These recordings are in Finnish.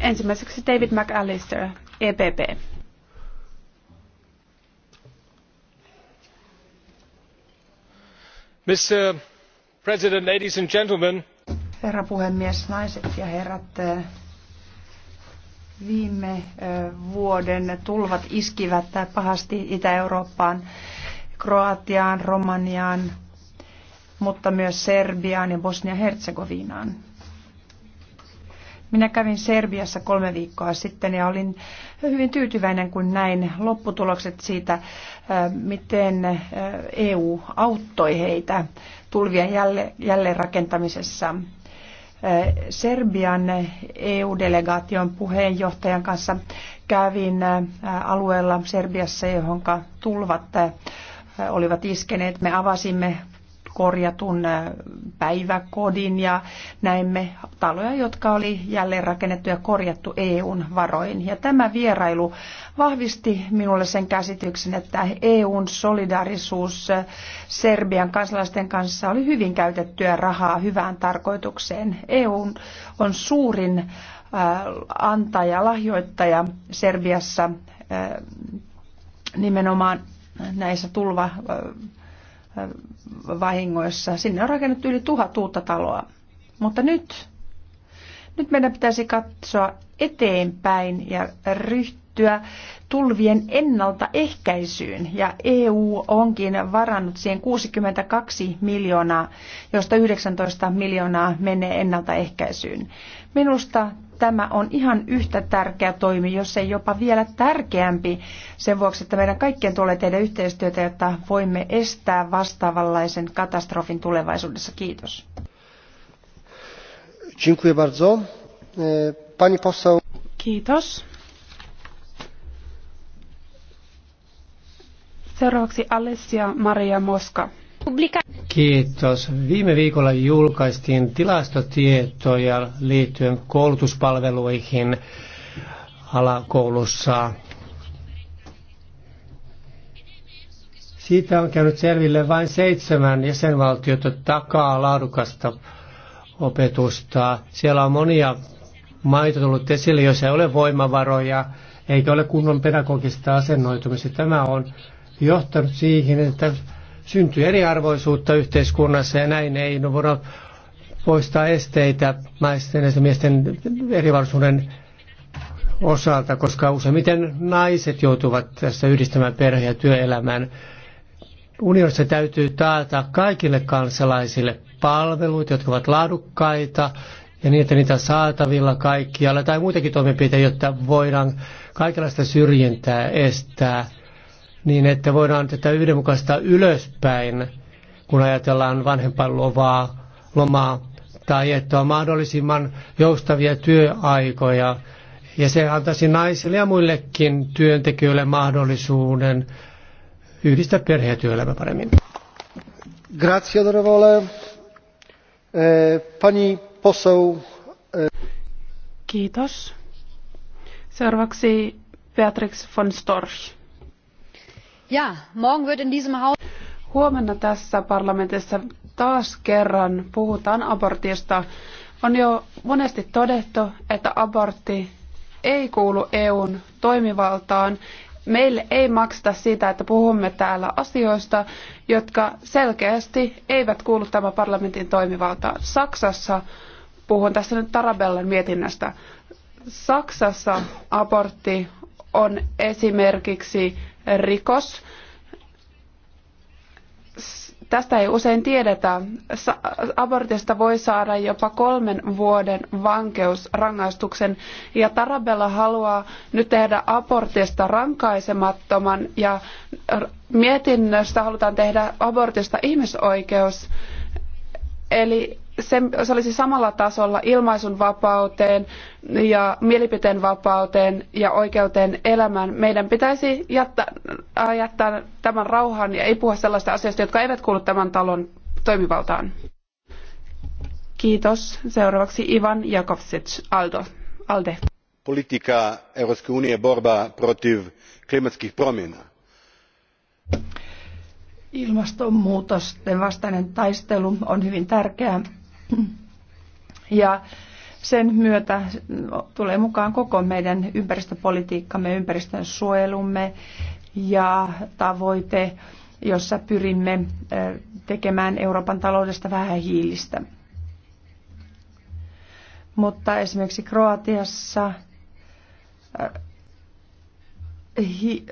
Ensimmäiseksi David McAllister, EPP. Mr. President, ladies and gentlemen. Herra puhemies, naiset ja herrat, eh, viime eh, vuoden tulvat iskivät pahasti Itä-Eurooppaan, Kroatiaan, Romaniaan, mutta myös Serbiaan ja Bosnia-Herzegovinaan. Minä kävin Serbiassa kolme viikkoa sitten ja olin hyvin tyytyväinen, kun näin lopputulokset siitä, miten EU auttoi heitä tulvien jälleenrakentamisessa. Serbian EU-delegaation puheenjohtajan kanssa kävin alueella Serbiassa, johon tulvat olivat iskeneet. Me avasimme korjatun äh, päiväkodin ja näimme taloja, jotka oli jälleen rakennettu ja korjattu EUn varoin. Ja tämä vierailu vahvisti minulle sen käsityksen, että EUn solidaarisuus äh, Serbian kansalaisten kanssa oli hyvin käytettyä rahaa hyvään tarkoitukseen. EU on suurin äh, antaja, lahjoittaja Serbiassa nimenomaan näissä tulva vahingoissa. Sinne on rakennettu yli tuhat uutta taloa. Mutta nyt, nyt meidän pitäisi katsoa eteenpäin ja ryhtyä tulvien ennaltaehkäisyyn. Ja EU onkin varannut siihen 62 miljoonaa, josta 19 miljoonaa menee ennaltaehkäisyyn. Minusta tämä on ihan yhtä tärkeä toimi, jos ei jopa vielä tärkeämpi sen vuoksi, että meidän kaikkien tulee tehdä yhteistyötä, jotta voimme estää vastaavanlaisen katastrofin tulevaisuudessa. Kiitos. Dziękuję bardzo. E, pani poseł. Kiitos. Seuraavaksi Alessia Maria Moska. Kiitos. Viime viikolla julkaistiin tilastotietoja liittyen koulutuspalveluihin alakoulussa. Siitä on käynyt selville vain seitsemän jäsenvaltiota takaa laadukasta opetusta. Siellä on monia maita tullut esille, joissa ei ole voimavaroja eikä ole kunnon pedagogista asennoitumista. Tämä on johtanut siihen, että syntyy eriarvoisuutta yhteiskunnassa ja näin ei no, voida poistaa esteitä naisten ja miesten eriarvoisuuden osalta, koska useimmiten naiset joutuvat tässä yhdistämään perhe- ja työelämän. Unionissa täytyy taata kaikille kansalaisille palveluita, jotka ovat laadukkaita ja niitä, niitä on saatavilla kaikkialla tai muitakin toimenpiteitä, jotta voidaan kaikenlaista syrjintää estää niin että voidaan tätä yhdenmukaista ylöspäin, kun ajatellaan lovaa, lomaa tai että on mahdollisimman joustavia työaikoja. Ja se antaisi naisille ja muillekin työntekijöille mahdollisuuden yhdistää perhe- ja työelämä paremmin. Grazie, onorevole. Eh, pani poseł. Eh. Kiitos. Seuraavaksi Beatrix von Storch ja, morgen wird in diesem Haus... Huomenna tässä parlamentissa taas kerran puhutaan abortista. On jo monesti todettu, että abortti ei kuulu EUn toimivaltaan. Meille ei makseta siitä, että puhumme täällä asioista, jotka selkeästi eivät kuulu tämän parlamentin toimivaltaan. Saksassa, puhun tässä nyt Tarabellan mietinnästä, Saksassa abortti on esimerkiksi rikos. Tästä ei usein tiedetä. Abortista voi saada jopa kolmen vuoden vankeusrangaistuksen. Ja Tarabella haluaa nyt tehdä abortista rankaisemattoman ja mietinnöstä halutaan tehdä abortista ihmisoikeus. Eli se, se olisi samalla tasolla ilmaisun vapauteen ja mielipiteen vapauteen ja oikeuteen elämään. Meidän pitäisi jättää, äh, jättää tämän rauhan ja ei puhua sellaista asioista, jotka eivät kuulu tämän talon toimivaltaan. Kiitos. Seuraavaksi Ivan Jakovsic, Aldo. Alde. Politika Europske unije borba protiv klimatskih promjena. Ilmastonmuutosten vastainen taistelu on hyvin tärkeää ja sen myötä tulee mukaan koko meidän ympäristöpolitiikkamme, ympäristön suojelumme ja tavoite, jossa pyrimme tekemään Euroopan taloudesta vähähiilistä. Mutta esimerkiksi Kroatiassa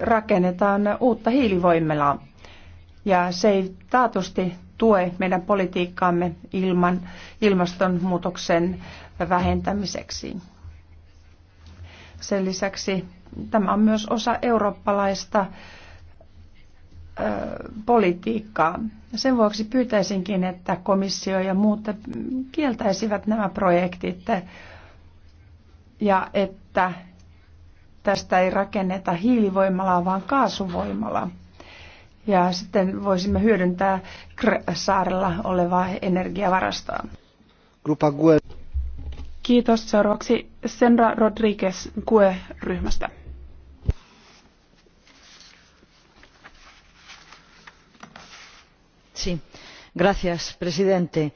rakennetaan uutta hiilivoimelaa ja se ei taatusti tue meidän politiikkaamme ilman ilmastonmuutoksen vähentämiseksi. Sen lisäksi tämä on myös osa eurooppalaista politiikkaa. Sen vuoksi pyytäisinkin, että komissio ja muut kieltäisivät nämä projektit ja että tästä ei rakenneta hiilivoimalaa, vaan kaasuvoimalaa ja sitten voisimme hyödyntää saarella olevaa energiavarastoa. Grupa GUE. Kiitos. Seuraavaksi Senra Rodriguez GUE-ryhmästä. Sí. Gracias, presidente.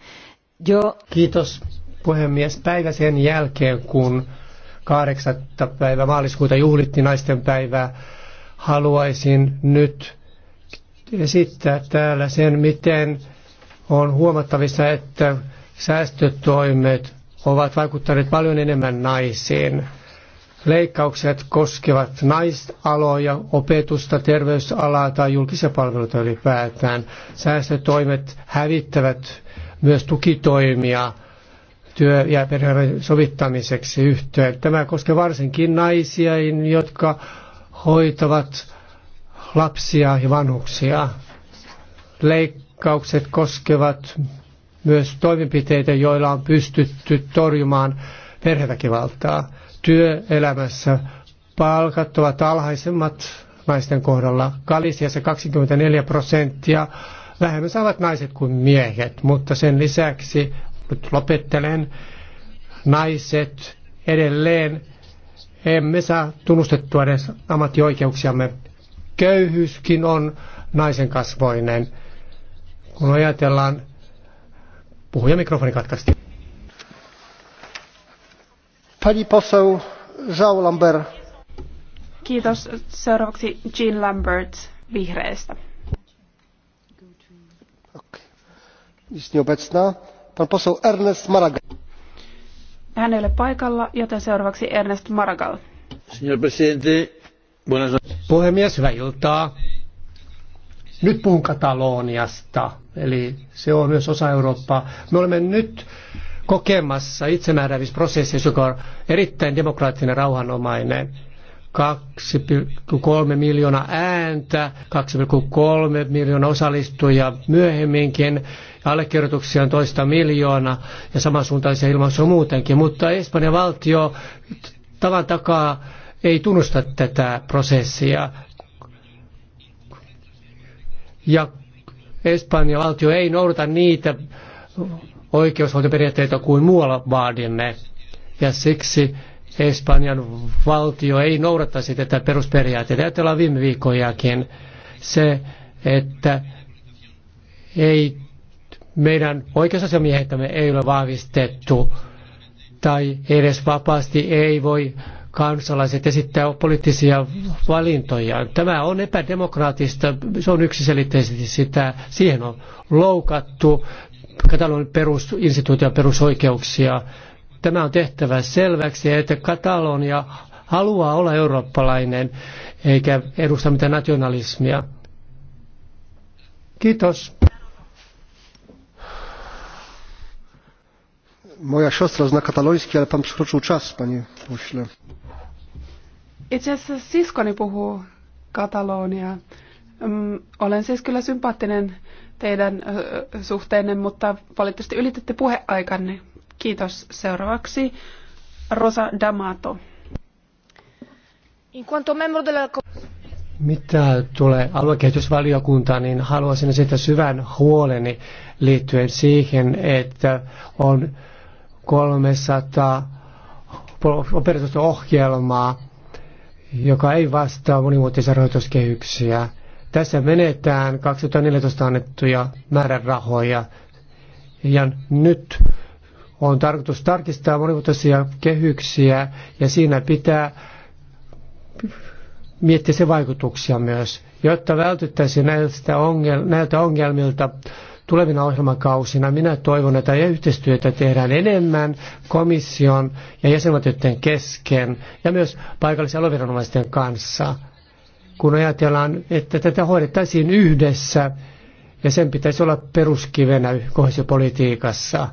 Yo... Kiitos, puhemies. Päivä sen jälkeen, kun 8. päivä maaliskuuta juhlitti naisten päivää, haluaisin nyt esittää täällä sen, miten on huomattavissa, että säästötoimet ovat vaikuttaneet paljon enemmän naisiin. Leikkaukset koskevat naisaloja, opetusta, terveysalaa tai julkisia palveluita ylipäätään. Säästötoimet hävittävät myös tukitoimia työ- ja perheen sovittamiseksi yhteen. Tämä koskee varsinkin naisia, jotka hoitavat lapsia ja vanhuksia. Leikkaukset koskevat myös toimenpiteitä, joilla on pystytty torjumaan perheväkivaltaa. Työelämässä palkat ovat alhaisemmat naisten kohdalla. Kalisiassa 24 prosenttia vähemmän saavat naiset kuin miehet, mutta sen lisäksi, nyt lopettelen, naiset edelleen emme saa tunnustettua edes ammattioikeuksiamme köyhyyskin on naisen kasvoinen. Kun ajatellaan, puhuja mikrofoni katkaisti. Pani poseu Jean Lambert. Kiitos. Seuraavaksi Jean Lambert vihreistä. Pan Ernest Maragall. Hän ei ole paikalla, joten seuraavaksi Ernest Maragall. Signor Presidente, Puhemies, hyvää iltaa. Nyt puhun Kataloniasta, eli se on myös osa Eurooppaa. Me olemme nyt kokemassa itsemääräämisprosessissa, joka on erittäin demokraattinen ja rauhanomainen. 2,3 miljoonaa ääntä, 2,3 miljoonaa osallistujaa myöhemminkin, allekirjoituksia on toista miljoonaa ja samansuuntaisia ilmaisuja muutenkin, mutta Espanjan valtio tavan takaa ei tunnusta tätä prosessia. Ja Espanjan valtio ei noudata niitä oikeusvaltioperiaatteita kuin muualla vaadimme. Ja siksi Espanjan valtio ei noudattaisi tätä perusperiaatteita. Ajatellaan viime viikkojakin se, että ei meidän oikeusasiamiehetämme ei ole vahvistettu tai edes vapaasti ei voi kansalaiset esittää poliittisia valintoja. Tämä on epädemokraattista, se on yksiselitteisesti sitä, siihen on loukattu Katalonin ja perusoikeuksia. Tämä on tehtävä selväksi, että Katalonia haluaa olla eurooppalainen eikä edusta mitään nationalismia. Kiitos. moja siostra zna kataloński ale pan przekroczył czas panie pośle. Itse asiassa siskoni puhuu kataloonia. Mm, olen siis kyllä sympaattinen teidän suhteenne, mutta valitettavasti ylitette puheaikanne. Kiitos. Seuraavaksi Rosa D'Amato. Mitä tulee aluekehitysvaliokuntaan, niin haluaisin sitä syvän huoleni liittyen siihen, että on 300 opetusohjelmaa joka ei vastaa monivuotisia rahoituskehyksiä. Tässä menetään 2014 annettuja määrärahoja ja nyt on tarkoitus tarkistaa monivuotisia kehyksiä ja siinä pitää miettiä se vaikutuksia myös, jotta vältyttäisiin näiltä, ongel- näiltä ongelmilta tulevina ohjelmakausina. Minä toivon, että yhteistyötä tehdään enemmän komission ja jäsenvaltioiden kesken ja myös paikallisen aloviranomaisten kanssa, kun ajatellaan, että tätä hoidettaisiin yhdessä ja sen pitäisi olla peruskivenä kohesiopolitiikassa.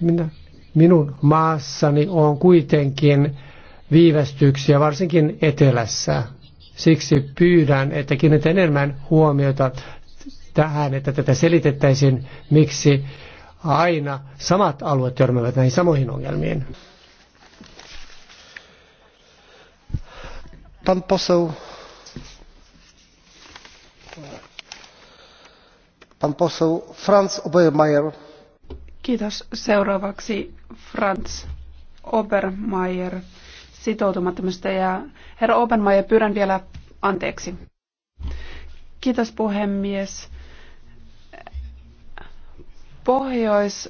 Minä, minun maassani on kuitenkin viivästyksiä, varsinkin etelässä. Siksi pyydän, että kiinnitän enemmän huomiota tähän, että tätä selitettäisiin, miksi aina samat alueet törmäävät näihin samoihin ongelmiin. Pan poseł, pan poseł Franz Obermeier. Kiitos. Seuraavaksi Franz Obermeier sitoutumattomista. Ja herra Obermeier, pyydän vielä anteeksi. Kiitos puhemies. Pohjois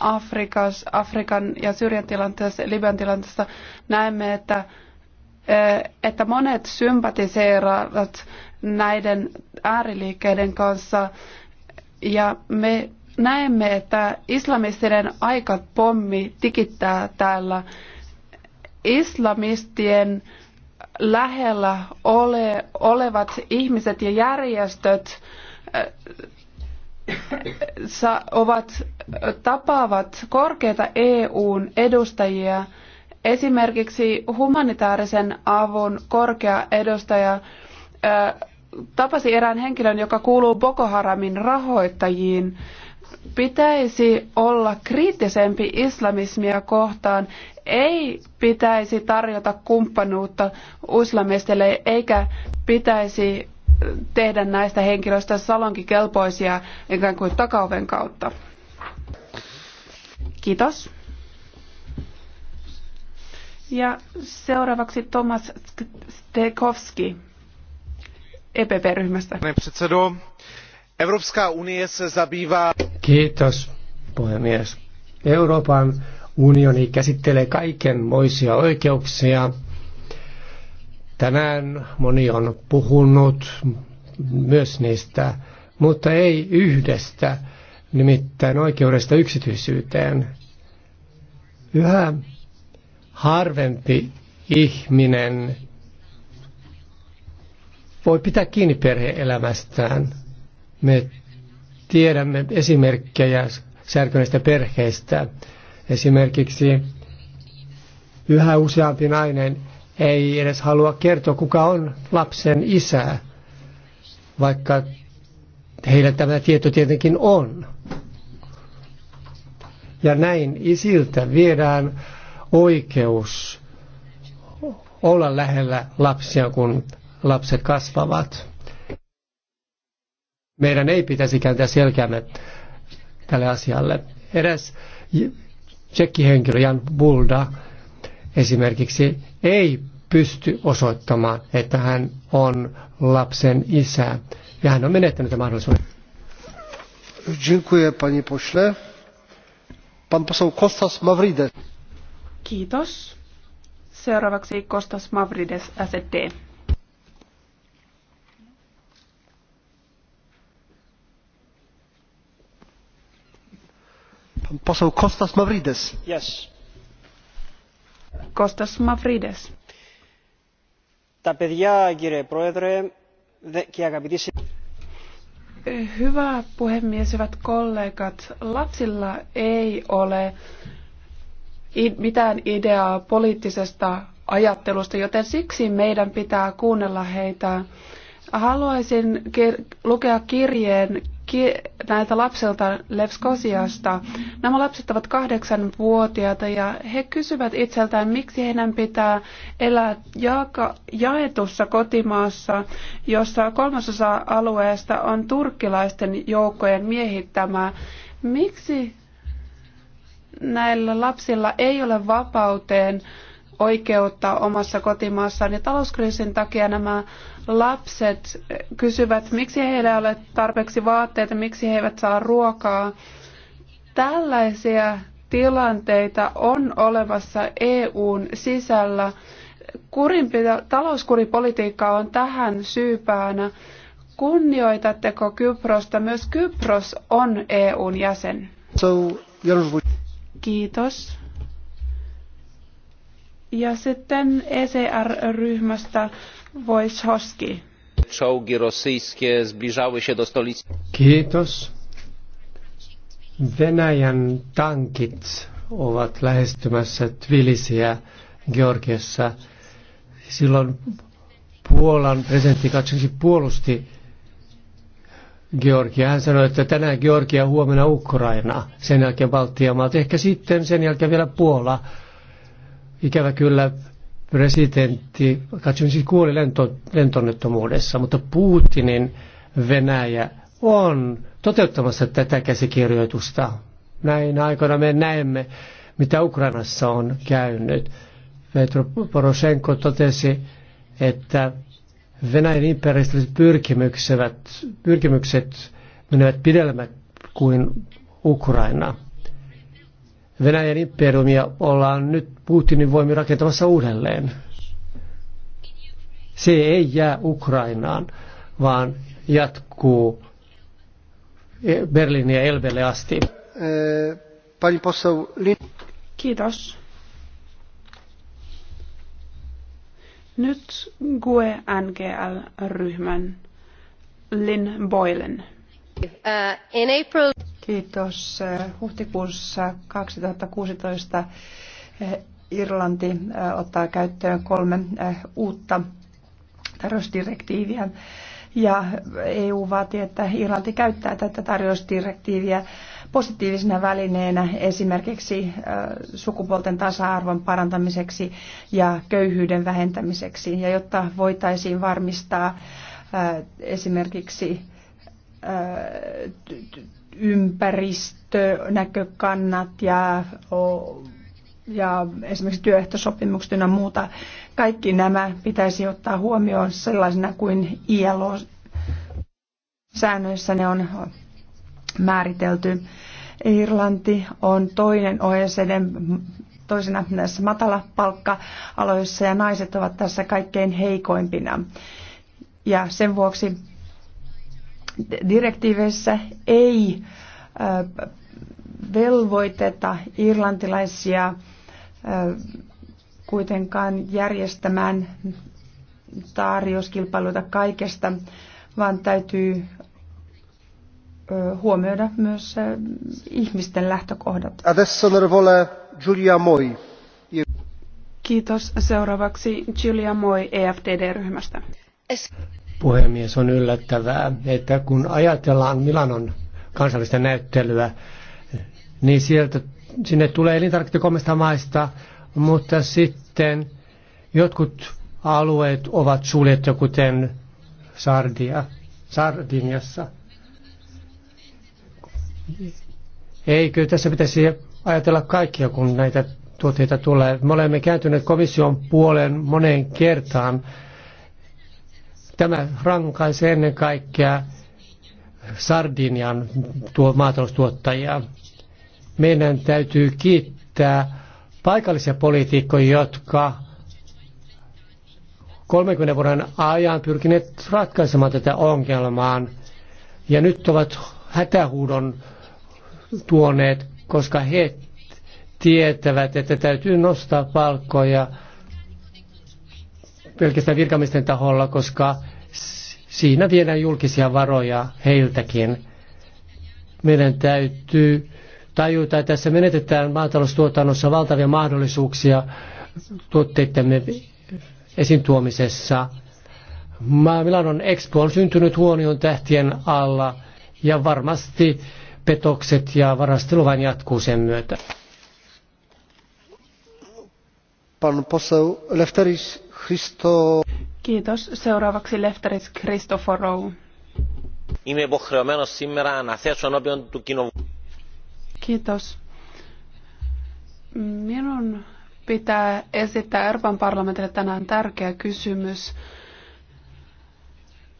Afrikas, Afrikan ja Syyrian tilanteessa, Libyan tilanteessa näemme, että, eh, että monet sympatiseeraavat näiden ääriliikkeiden kanssa. Ja me näemme, että islamistinen aikapommi tikittää täällä islamistien lähellä ole, olevat ihmiset ja järjestöt eh, ovat, tapaavat korkeita EUn edustajia. Esimerkiksi humanitaarisen avun korkea edustaja tapasi erään henkilön, joka kuuluu Boko Haramin rahoittajiin. Pitäisi olla kriittisempi islamismia kohtaan, ei pitäisi tarjota kumppanuutta islamisteille eikä pitäisi tehdä näistä henkilöistä salonkikelpoisia ikään kuin takaoven kautta. Kiitos. Ja seuraavaksi Tomas Stekowski EPP-ryhmästä. se Kiitos, puhemies. Euroopan unioni käsittelee kaikenmoisia oikeuksia, Tänään moni on puhunut myös niistä, mutta ei yhdestä, nimittäin oikeudesta yksityisyyteen. Yhä harvempi ihminen voi pitää kiinni perheelämästään. Me tiedämme esimerkkejä särkyneistä perheistä. Esimerkiksi yhä useampi nainen ei edes halua kertoa, kuka on lapsen isää, vaikka heillä tämä tieto tietenkin on. Ja näin isiltä viedään oikeus olla lähellä lapsia, kun lapset kasvavat. Meidän ei pitäisi kääntää selkäämme tälle asialle. Eräs tsekkihenkilö Jan Bulda esimerkiksi ei pysty osoittamaan, että hän on lapsen isä. Ja hän on menettänyt tämän mahdollisuuden. Dziękuję, panie pośle. Pan poseł Kostas Mavrides. Kiitos. Seuraavaksi Kostas Mavrides, SD. Pan poseł Kostas Mavrides. Yes. Kostas Mavrides. Τα παιδιά, κύριε Πρόεδρε, και αγαπητοί Hyvä puhemies, hyvät kollegat. Lapsilla ei ole mitään ideaa poliittisesta ajattelusta, joten siksi meidän pitää kuunnella heitä. Haluaisin kir- lukea kirjeen näiltä lapselta Levskosiasta. Nämä lapset ovat kahdeksanvuotiaita ja he kysyvät itseltään, miksi heidän pitää elää jaaka, jaetussa kotimaassa, jossa kolmasosa alueesta on turkkilaisten joukkojen miehittämää. Miksi näillä lapsilla ei ole vapauteen oikeutta omassa kotimaassaan ja talouskriisin takia nämä lapset kysyvät, miksi heillä ei ole tarpeeksi vaatteita, miksi he eivät saa ruokaa. Tällaisia tilanteita on olevassa EUn sisällä. Kurinpito, talouskuripolitiikka on tähän syypäänä. Kunnioitatteko Kyprosta? Myös Kypros on EUn jäsen. Kiitos. Ja sitten ECR-ryhmästä Wojciechowski. Czołgi rosyjskie zbliżały się do stolicy. Kiitos. Venäjän tankit ovat lähestymässä Tbilisiä Georgiassa. Silloin Puolan presidentti Kaczynski puolusti Georgia. Hän sanoi, että tänään Georgia, huomenna Ukraina, sen jälkeen Baltian maat, ehkä sitten sen jälkeen vielä Puola. Ikävä kyllä presidentti Kaczynski kuoli lento, lentonnettomuudessa, mutta Putinin Venäjä on toteuttamassa tätä käsikirjoitusta. Näin aikoina me näemme, mitä Ukrainassa on käynyt. Petro Poroshenko totesi, että Venäjän imperialistiset pyrkimykset, pyrkimykset menevät pidemmät kuin Ukraina. Venäjän imperiumia ollaan nyt Putinin voimin rakentamassa uudelleen. Se ei jää Ukrainaan, vaan jatkuu Berliiniä ja Elbelle asti. Kiitos. Nyt GUE NGL-ryhmän Lynn Boylen. Uh, in April... Kiitos. Huhtikuussa 2016 Irlanti ottaa käyttöön kolme uutta tarjousdirektiiviä. Ja EU vaatii, että Irlanti käyttää tätä tarjousdirektiiviä positiivisena välineenä esimerkiksi sukupuolten tasa-arvon parantamiseksi ja köyhyyden vähentämiseksi. Ja jotta voitaisiin varmistaa esimerkiksi ympäristönäkökannat ja, ja esimerkiksi työehtosopimukset ja muuta. Kaikki nämä pitäisi ottaa huomioon sellaisena kuin ILO-säännöissä ne on määritelty. Irlanti on toinen OECD toisena näissä matalapalkka-aloissa ja naiset ovat tässä kaikkein heikoimpina. Ja sen vuoksi Direktiiveissä ei velvoiteta irlantilaisia kuitenkaan järjestämään tarjouskilpailuita kaikesta, vaan täytyy huomioida myös ihmisten lähtökohdat. Adesso Moi. Kiitos. Seuraavaksi Julia Moi EFTD-ryhmästä puhemies, on yllättävää, että kun ajatellaan Milanon kansallista näyttelyä, niin sieltä, sinne tulee elintarvikkeita kolmesta maista, mutta sitten jotkut alueet ovat suljettu, kuten Sardia, Sardiniassa. Eikö tässä pitäisi ajatella kaikkia, kun näitä tuotteita tulee? Me olemme kääntyneet komission puolen moneen kertaan Tämä rankaisee ennen kaikkea Sardinian tuo maataloustuottajia. Meidän täytyy kiittää paikallisia poliitikkoja, jotka 30 vuoden ajan pyrkineet ratkaisemaan tätä ongelmaa ja nyt ovat hätähuudon tuoneet, koska he tietävät, että täytyy nostaa palkkoja pelkästään virkamiesten taholla, koska siinä viedään julkisia varoja heiltäkin. Meidän täytyy tajuta, että tässä menetetään maataloustuotannossa valtavia mahdollisuuksia tuotteittemme esiin tuomisessa. Milanon Expo on syntynyt huonion tähtien alla ja varmasti petokset ja varastelu vain jatkuu sen myötä. Pan poseł Lefteris Christo... Kiitos. Seuraavaksi lefteris Christoforou. Είμαι υποχρεωμένος σήμερα να θέσω ενώπιον του κοινοβουλίου. Kiitos. Minun pitää esittää Euroopan parlamentille tänään tärkeä kysymys.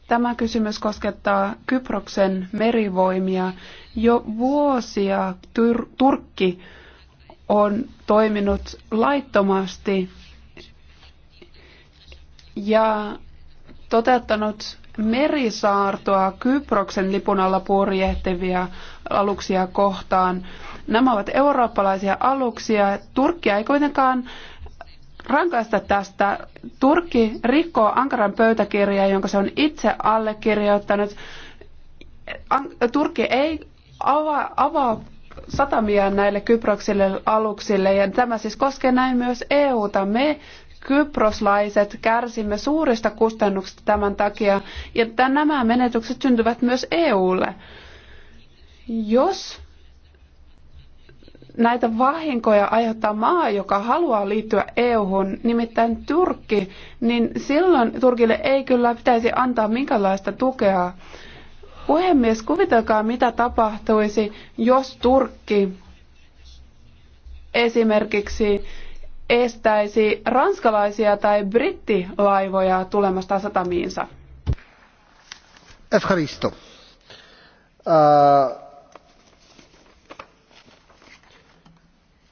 Tämä kysymys koskettaa Kyproksen merivoimia. Jo vuosia Tur- Turkki on toiminut laittomasti ja toteuttanut merisaartoa Kyproksen lipun alla purjehtivia aluksia kohtaan. Nämä ovat eurooppalaisia aluksia. Turkki ei kuitenkaan rankaista tästä. Turkki rikkoo Ankaran pöytäkirjaa, jonka se on itse allekirjoittanut. Turkki ei avaa, avaa satamia näille Kyproksille aluksille, ja tämä siis koskee näin myös EUta. Me kyproslaiset kärsimme suurista kustannuksista tämän takia, ja että nämä menetykset syntyvät myös EUlle. Jos näitä vahinkoja aiheuttaa maa, joka haluaa liittyä EUhun, nimittäin Turkki, niin silloin Turkille ei kyllä pitäisi antaa minkälaista tukea. Puhemies, kuvitelkaa mitä tapahtuisi, jos Turkki esimerkiksi estäisi ranskalaisia tai brittilaivoja tulemasta satamiinsa. Efharisto. Uh,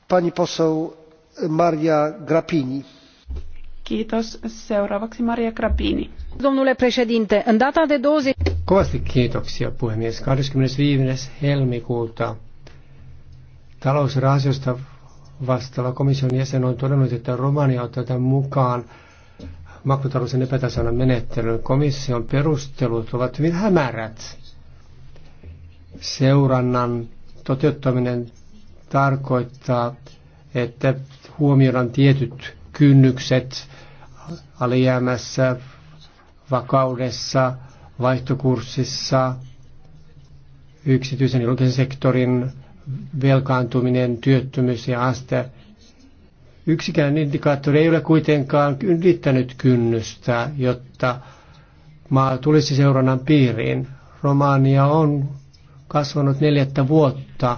pani poseł Maria Grappini. Kiitos. Seuraavaksi Maria Grappini. Domnule președinte, în data de 20... Kovasti kiitoksia puhemies. 25. helmikuuta talousrahastosta vastaava komission jäsen on todennut, että Romania otetaan mukaan makrotalousen epätasana menettelyyn. Komission perustelut ovat hyvin hämärät. Seurannan toteuttaminen tarkoittaa, että huomioidaan tietyt kynnykset alijäämässä, vakaudessa, vaihtokurssissa, yksityisen ja julkisen sektorin velkaantuminen, työttömyys ja aste. Yksikään indikaattori ei ole kuitenkaan ylittänyt kynnystä, jotta maa tulisi seurannan piiriin. Romaania on kasvanut neljättä vuotta,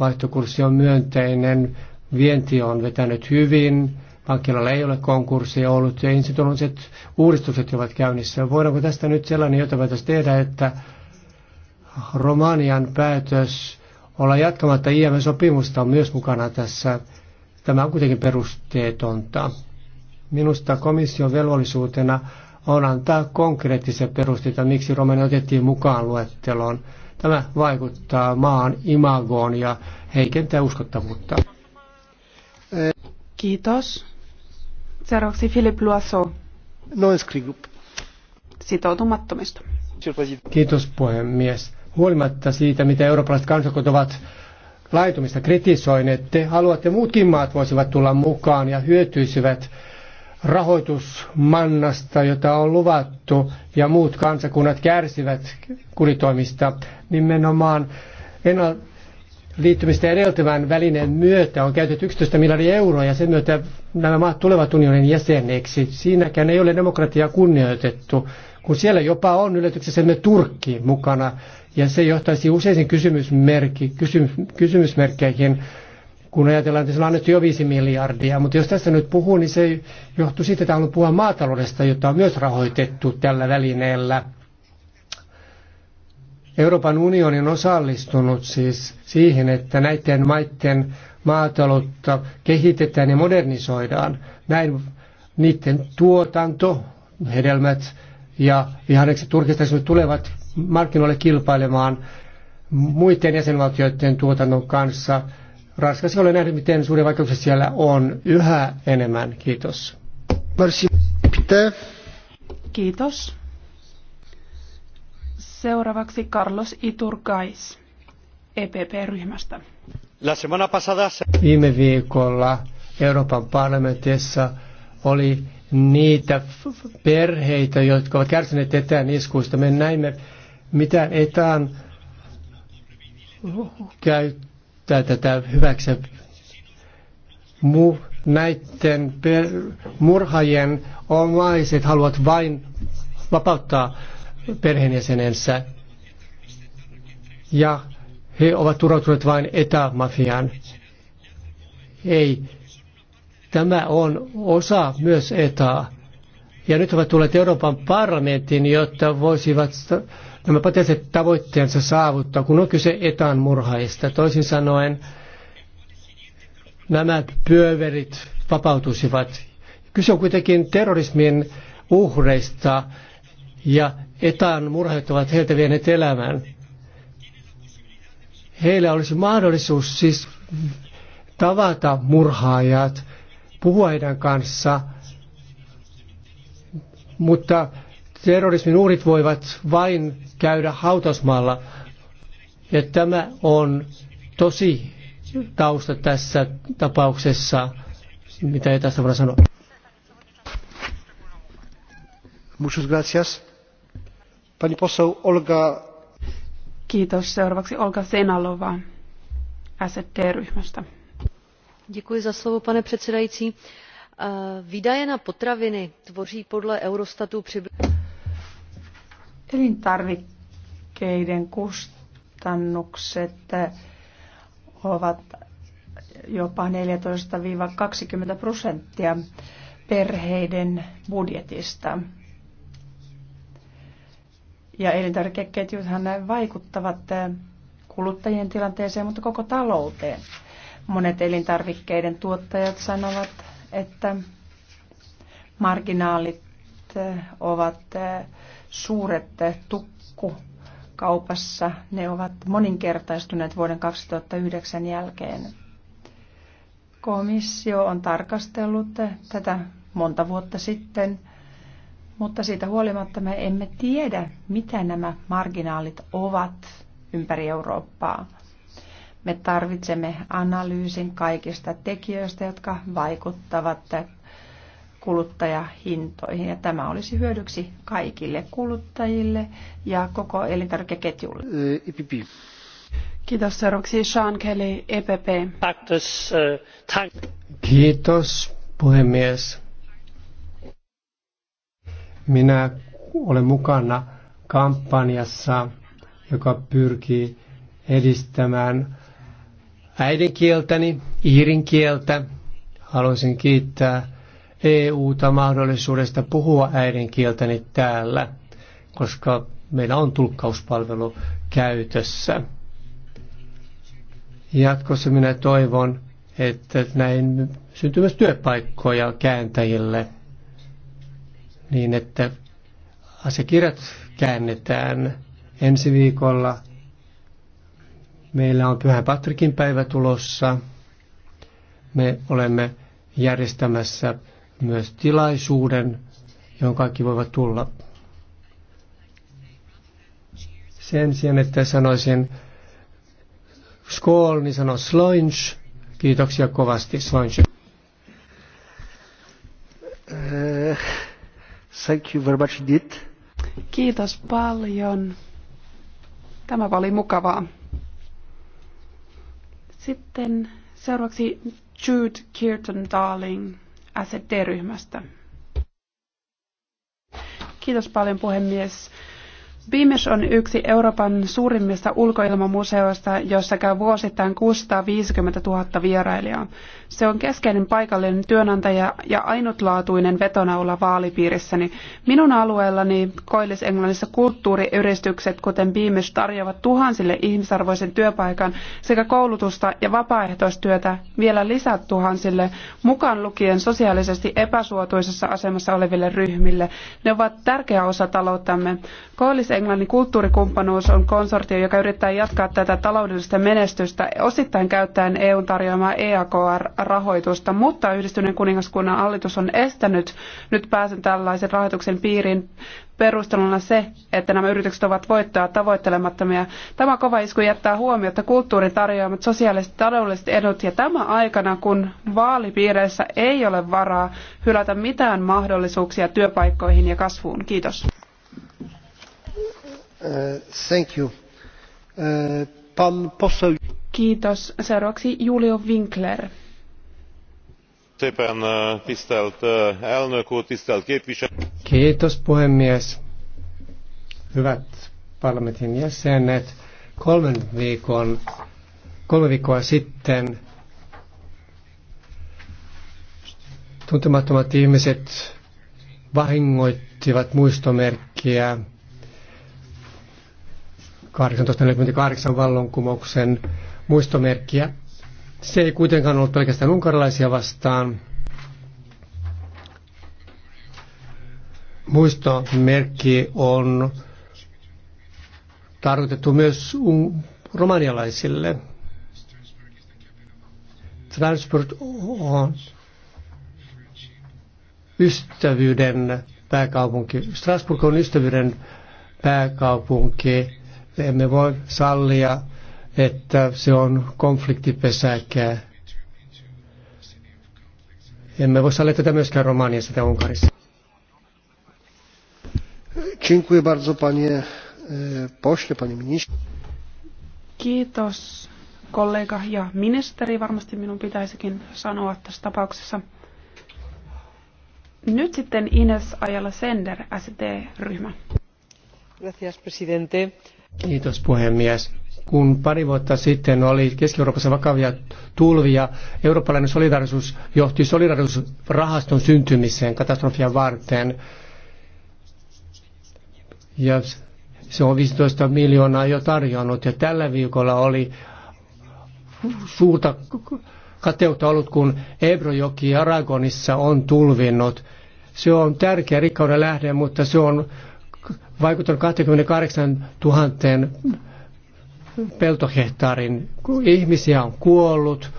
vaihtokurssi on myönteinen, vienti on vetänyt hyvin, pankkilalla ei ole konkurssia ollut ja institutionaaliset uudistukset ovat käynnissä. Voidaanko tästä nyt sellainen jota voitaisiin tehdä, että Romanian päätös olla jatkamatta ims sopimusta on myös mukana tässä. Tämä on kuitenkin perusteetonta. Minusta komission velvollisuutena on antaa konkreettisia perusteita, miksi Romania otettiin mukaan luetteloon. Tämä vaikuttaa maan imagoon ja heikentää uskottavuutta. Kiitos. Seuraavaksi Philip Luasso. Noin Sitoutumattomista. Kiitos puhemies huolimatta siitä, mitä eurooppalaiset kansakot ovat laitumista kritisoineet, te haluatte muutkin maat voisivat tulla mukaan ja hyötyisivät rahoitusmannasta, jota on luvattu, ja muut kansakunnat kärsivät kuritoimista nimenomaan ennal- liittymistä edeltävän välineen myötä on käytetty 11 miljardia euroa ja sen myötä nämä maat tulevat unionin jäseneksi. Siinäkään ei ole demokratiaa kunnioitettu kun siellä jopa on yllätyksessämme Turkki mukana, ja se johtaisi useisiin kysymysmerkki, kysymys, kysymysmerkkeihin, kun ajatellaan, että se on annettu jo 5 miljardia, mutta jos tässä nyt puhuu, niin se johtuu siitä, että haluan puhua maataloudesta, jota on myös rahoitettu tällä välineellä. Euroopan unioni on osallistunut siis siihen, että näiden maiden maataloutta kehitetään ja modernisoidaan. Näin niiden tuotanto, hedelmät, ja vihannekset Turkista tulevat markkinoille kilpailemaan muiden jäsenvaltioiden tuotannon kanssa. Ranskassa olen nähnyt, miten suuri vaikeuksia siellä on yhä enemmän. Kiitos. Kiitos. Seuraavaksi Carlos Iturgais, EPP-ryhmästä. La semana pasada... Viime viikolla Euroopan parlamentissa oli niitä perheitä, jotka ovat kärsineet etään iskuista. Me näimme, mitä etään käyttää tätä hyväksi. Mu, näiden per, murhajien omaiset haluavat vain vapauttaa perheenjäsenensä. Ja he ovat turvautuneet vain etämafiaan. Ei Tämä on osa myös etaa. Ja nyt ovat tulleet Euroopan parlamenttiin, jotta voisivat nämä potentiaaliset tavoitteensa saavuttaa, kun on kyse etan murhaista. Toisin sanoen nämä pyöverit vapautuisivat. Kyse on kuitenkin terrorismin uhreista ja etan murhaajat ovat heiltä vieneet elämän. Heillä olisi mahdollisuus siis tavata murhaajat puhua heidän kanssa, mutta terrorismin uhrit voivat vain käydä hautausmaalla. Ja tämä on tosi tausta tässä tapauksessa, mitä ei tästä voida sanoa. Muchas gracias. Pani poseł Olga. Kiitos. Seuraavaksi Olga Senalova ST-ryhmästä pane předsedající eh, výdaje na potraviny tvoří podle eurostatu elintarvikkeiden kustannukset eh, ovat jopa 14 kaksikymmentä prosenttia perheiden budjetista. Ja elintarvikeketjuthan vaikuttavat eh, kuluttajien tilanteeseen, mutta koko talouteen. Monet elintarvikkeiden tuottajat sanovat, että marginaalit eh, ovat eh, suuret eh, tukku kaupassa. Ne ovat moninkertaistuneet vuoden 2009 jälkeen. Komissio on tarkastellut tätä monta vuotta sitten, mutta siitä huolimatta me emme tiedä, mitä nämä marginaalit ovat ympäri Eurooppaa. Me tarvitsemme analyysin kaikista tekijöistä, jotka vaikuttavat kuluttajahintoihin. Ja tämä olisi hyödyksi kaikille kuluttajille ja koko elintarvikeketjulle. E Kiitos seuraavaksi Sean Kelly, EPP. Kiitos puhemies. Minä olen mukana kampanjassa, joka pyrkii edistämään äidinkieltäni, iirin kieltä. Haluaisin kiittää EU-ta mahdollisuudesta puhua äidinkieltäni täällä, koska meillä on tulkkauspalvelu käytössä. Jatkossa minä toivon, että näin syntyy myös työpaikkoja kääntäjille, niin että asiakirjat käännetään ensi viikolla – Meillä on Pyhä Patrikin päivä tulossa. Me olemme järjestämässä myös tilaisuuden, johon kaikki voivat tulla. Sen sijaan, että sanoisin skool, niin sanon sloinch. Kiitoksia kovasti, Uh, Thank you very much indeed. Kiitos paljon. Tämä oli mukavaa. Sitten seuraavaksi Jude Kirton Darling acd ryhmästä Kiitos paljon puhemies. Beamish on yksi Euroopan suurimmista ulkoilmamuseoista, jossa käy vuosittain 650 000 vierailijaa. Se on keskeinen paikallinen työnantaja ja ainutlaatuinen vetonaula vaalipiirissäni. Minun alueellani Koillis-Englannissa kulttuuriyhdistykset, kuten Beamish, tarjoavat tuhansille ihmisarvoisen työpaikan sekä koulutusta ja vapaaehtoistyötä vielä lisää tuhansille, mukaan lukien sosiaalisesti epäsuotuisessa asemassa oleville ryhmille. Ne ovat tärkeä osa talouttamme. Koillis Englannin kulttuurikumppanuus on konsortio, joka yrittää jatkaa tätä taloudellista menestystä osittain käyttäen EUn tarjoamaa EAKR-rahoitusta, mutta yhdistyneen kuningaskunnan hallitus on estänyt nyt pääsyn tällaisen rahoituksen piiriin perusteluna se, että nämä yritykset ovat voittoa tavoittelemattomia. Tämä kova isku jättää huomiota kulttuurin tarjoamat sosiaaliset taloudelliset edut ja tämä aikana, kun vaalipiireissä ei ole varaa hylätä mitään mahdollisuuksia työpaikkoihin ja kasvuun. Kiitos. Kiitos. Seuraavaksi Julio Winkler. E, Kiitos puhemies. Hyvät parlamentin jäsenet, kolmen viikon, kolme viikkoa sitten tuntemattomat ihmiset vahingoittivat muistomerkkiä 1848 vallankumouksen muistomerkkiä. Se ei kuitenkaan ollut pelkästään unkarilaisia vastaan. Muistomerkki on tarkoitettu myös romanialaisille. Transport on ystävyyden pääkaupunki. Strasbourg on ystävyyden pääkaupunki emme voi sallia, että se on konfliktipesäkää. Emme voi sallia tätä myöskään Romaniassa tai Unkarissa. Dziękuję bardzo panie e, pośle, panie Kiitos kollega ja ministeri. Varmasti minun pitäisikin sanoa tässä tapauksessa. Nyt sitten Ines Ajala Sender, ST-ryhmä. Gracias, presidente Kiitos puhemies. Kun pari vuotta sitten oli Keski-Euroopassa vakavia tulvia, eurooppalainen solidarisuus johti solidarisuusrahaston syntymiseen katastrofia varten. Ja se on 15 miljoonaa jo tarjonnut. Ja tällä viikolla oli suurta kateutta ollut, kun Ebrojoki Aragonissa on tulvinnut. Se on tärkeä rikkauden lähde, mutta se on vaikuttanut 28 000 peltohehtaarin. Ihmisiä on kuollut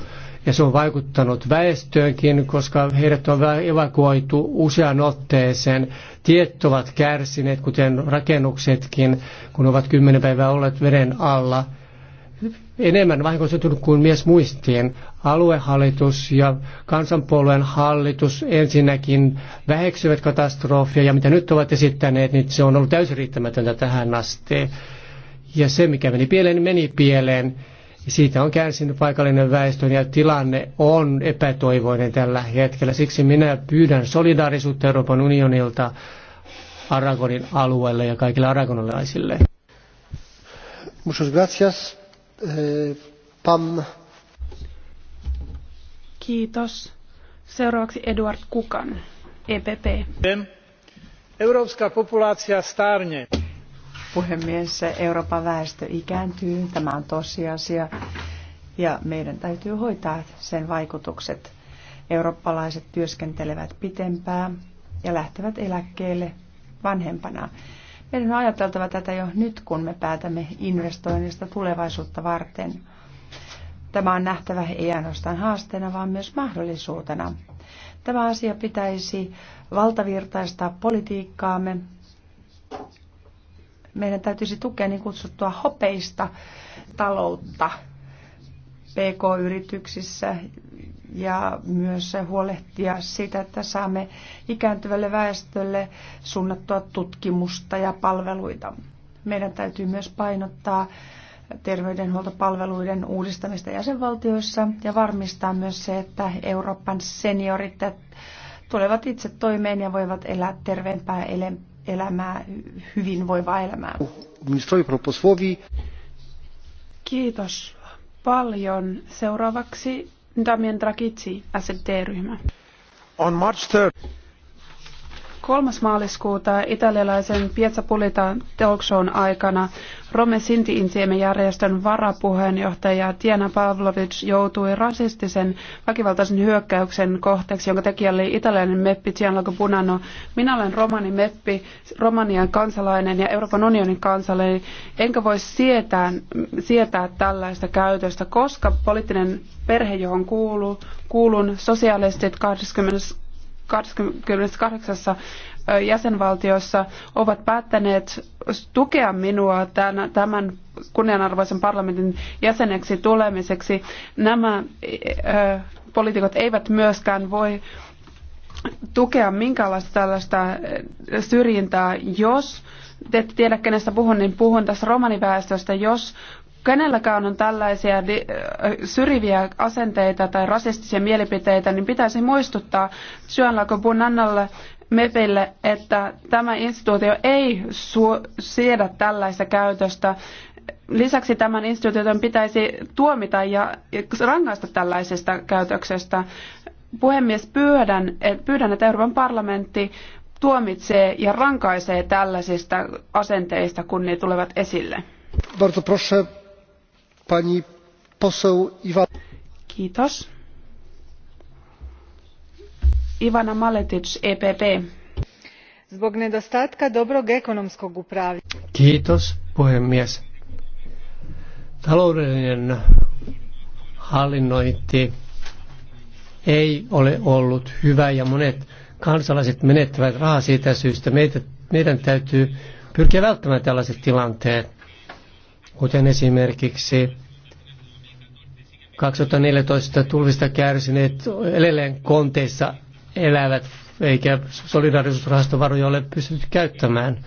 ja se on vaikuttanut väestöönkin, koska heidät on evakuoitu usean otteeseen. Tiet ovat kärsineet, kuten rakennuksetkin, kun ovat kymmenen päivää olleet veden alla – enemmän vaikutettu kuin mies muistiin. Aluehallitus ja kansanpuolueen hallitus ensinnäkin väheksyvät katastrofia ja mitä nyt ovat esittäneet, niin se on ollut täysin riittämätöntä tähän asti. Ja se, mikä meni pieleen, niin meni pieleen. Siitä on kärsinyt paikallinen väestö ja tilanne on epätoivoinen tällä hetkellä. Siksi minä pyydän solidaarisuutta Euroopan unionilta Aragonin alueelle ja kaikille aragonilaisille. Muchas gracias. Äh, Pam. Kiitos. Seuraavaksi Eduard Kukan, EPP. Európska populaatio stárne. Puhemies, Euroopan väestö ikääntyy, tämä on tosiasia, ja meidän täytyy hoitaa sen vaikutukset. Eurooppalaiset työskentelevät pitempään ja lähtevät eläkkeelle vanhempana. Meidän on ajateltava tätä jo nyt, kun me päätämme investoinnista tulevaisuutta varten. Tämä on nähtävä ei ainoastaan haasteena, vaan myös mahdollisuutena. Tämä asia pitäisi valtavirtaistaa politiikkaamme. Meidän täytyisi tukea niin kutsuttua hopeista taloutta, PK-yrityksissä ja myös huolehtia siitä, että saamme ikääntyvälle väestölle suunnattua tutkimusta ja palveluita. Meidän täytyy myös painottaa terveydenhuoltopalveluiden uudistamista jäsenvaltioissa ja varmistaa myös se, että Euroopan seniorit tulevat itse toimeen ja voivat elää terveempää elämää, hyvinvoivaa elämää. Kiitos paljon. Seuraavaksi Damien Dragici, SD-ryhmä. On March 3 Kolmas maaliskuuta italialaisen Piazza Pulita Talkshown aikana Rome Sinti järjestön varapuheenjohtaja Tiana Pavlovic joutui rasistisen väkivaltaisen hyökkäyksen kohteeksi, jonka tekijä oli italialainen meppi Gianluca Bunano. Minä olen romani meppi, romanian kansalainen ja Euroopan unionin kansalainen, enkä voi sietää, sietää tällaista käytöstä, koska poliittinen perhe, johon kuuluu, kuulun sosialistit 20 28 jäsenvaltiossa ovat päättäneet tukea minua tämän kunnianarvoisen parlamentin jäseneksi tulemiseksi. Nämä eh, poliitikot eivät myöskään voi tukea minkäänlaista tällaista eh, syrjintää, jos te ette tiedä, kenestä puhun, niin puhun tässä romaniväestöstä. Jos kenelläkään on tällaisia syrjiviä asenteita tai rasistisia mielipiteitä, niin pitäisi muistuttaa Syönlako Bunannalle MEPille, että tämä instituutio ei su- siedä tällaista käytöstä. Lisäksi tämän instituution pitäisi tuomita ja rangaista tällaisesta käytöksestä. Puhemies, pyydän, pyydän että Euroopan parlamentti tuomitsee ja rankaisee tällaisista asenteista, kun ne tulevat esille bardzo proszę Pani Ivana Maletic, EPP. Zbog nedostatka dobrog ekonomskog upravljanja. Kiitos, puhemies. Taloudellinen hallinnointi ei ole ollut hyvä ja monet kansalaiset menettävät rahaa siitä syystä. Meitä, meidän täytyy pyrkiä välttämään tällaiset tilanteet, kuten esimerkiksi 2014 tulvista kärsineet edelleen konteissa elävät, eikä solidaarisuusrahaston varoja ole pystynyt käyttämään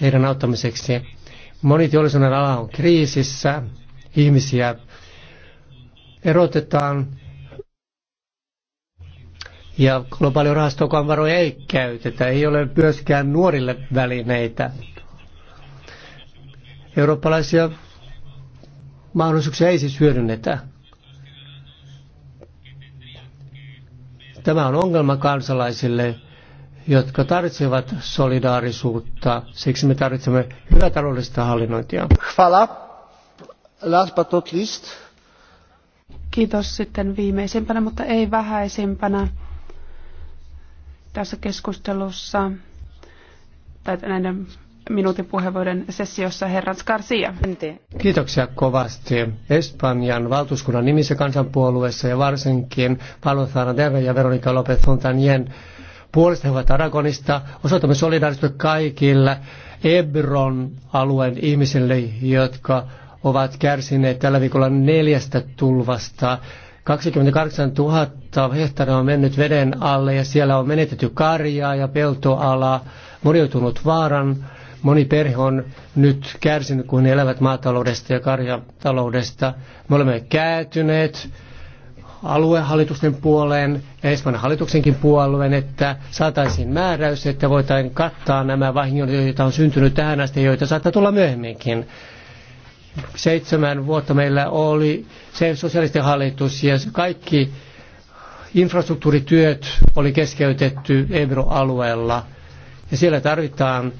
heidän auttamiseksi. Moni teollisuuden ala on kriisissä, ihmisiä erotetaan ja globaalin rahastokan varoja ei käytetä. Ei ole myöskään nuorille välineitä. Eurooppalaisia mahdollisuuksia ei siis hyödynnetä. Tämä on ongelma kansalaisille, jotka tarvitsevat solidaarisuutta. Siksi me tarvitsemme hyvää taloudellista hallinnointia. Hvala. Last but not least. Kiitos sitten viimeisimpänä, mutta ei vähäisimpänä tässä keskustelussa tai näiden minuutin puheenvuoron sessiossa herra Garcia. Kiitoksia kovasti. Espanjan valtuuskunnan nimissä kansanpuolueessa ja varsinkin Palo Zaradeve ja Veronica López Fontanien puolesta he ovat Aragonista. Osoitamme solidaarisuutta kaikille Ebron alueen ihmisille, jotka ovat kärsineet tällä viikolla neljästä tulvasta. 28 000 hehtaaria on mennyt veden alle ja siellä on menetetty karjaa ja peltoalaa, murjoutunut vaaran Moni perhe on nyt kärsinyt, kun he elävät maataloudesta ja karjataloudesta. Me olemme kääntyneet aluehallitusten puoleen ja Espanjan hallituksenkin puolueen, että saataisiin määräys, että voitaisiin kattaa nämä vahingot, joita on syntynyt tähän asti joita saattaa tulla myöhemminkin. Seitsemän vuotta meillä oli se sosiaalisten hallitus ja kaikki infrastruktuurityöt oli keskeytetty euroalueella – ja siellä tarvitaan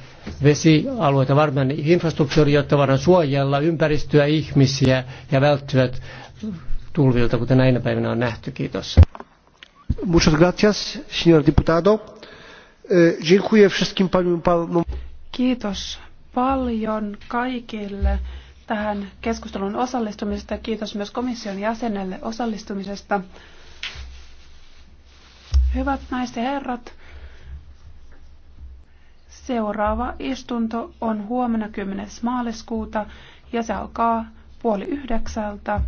vesialueita varmaan infrastruktuuri, jotta voidaan suojella ympäristöä, ihmisiä ja välttyä tulvilta, kuten näinä päivinä on nähty. Kiitos. Muchas gracias, señor diputado. Eh, dziękuję wszystkim paniom Kiitos paljon kaikille tähän keskustelun osallistumisesta. Kiitos myös komission jäsenelle osallistumisesta. Hyvät naiset ja herrat, Seuraava istunto on huomenna 10. maaliskuuta ja se alkaa puoli yhdeksältä.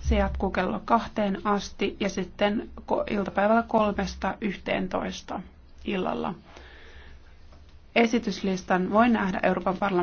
Se jatkuu kello kahteen asti ja sitten iltapäivällä kolmesta yhteentoista illalla. Esityslistan voi nähdä Euroopan parlamentin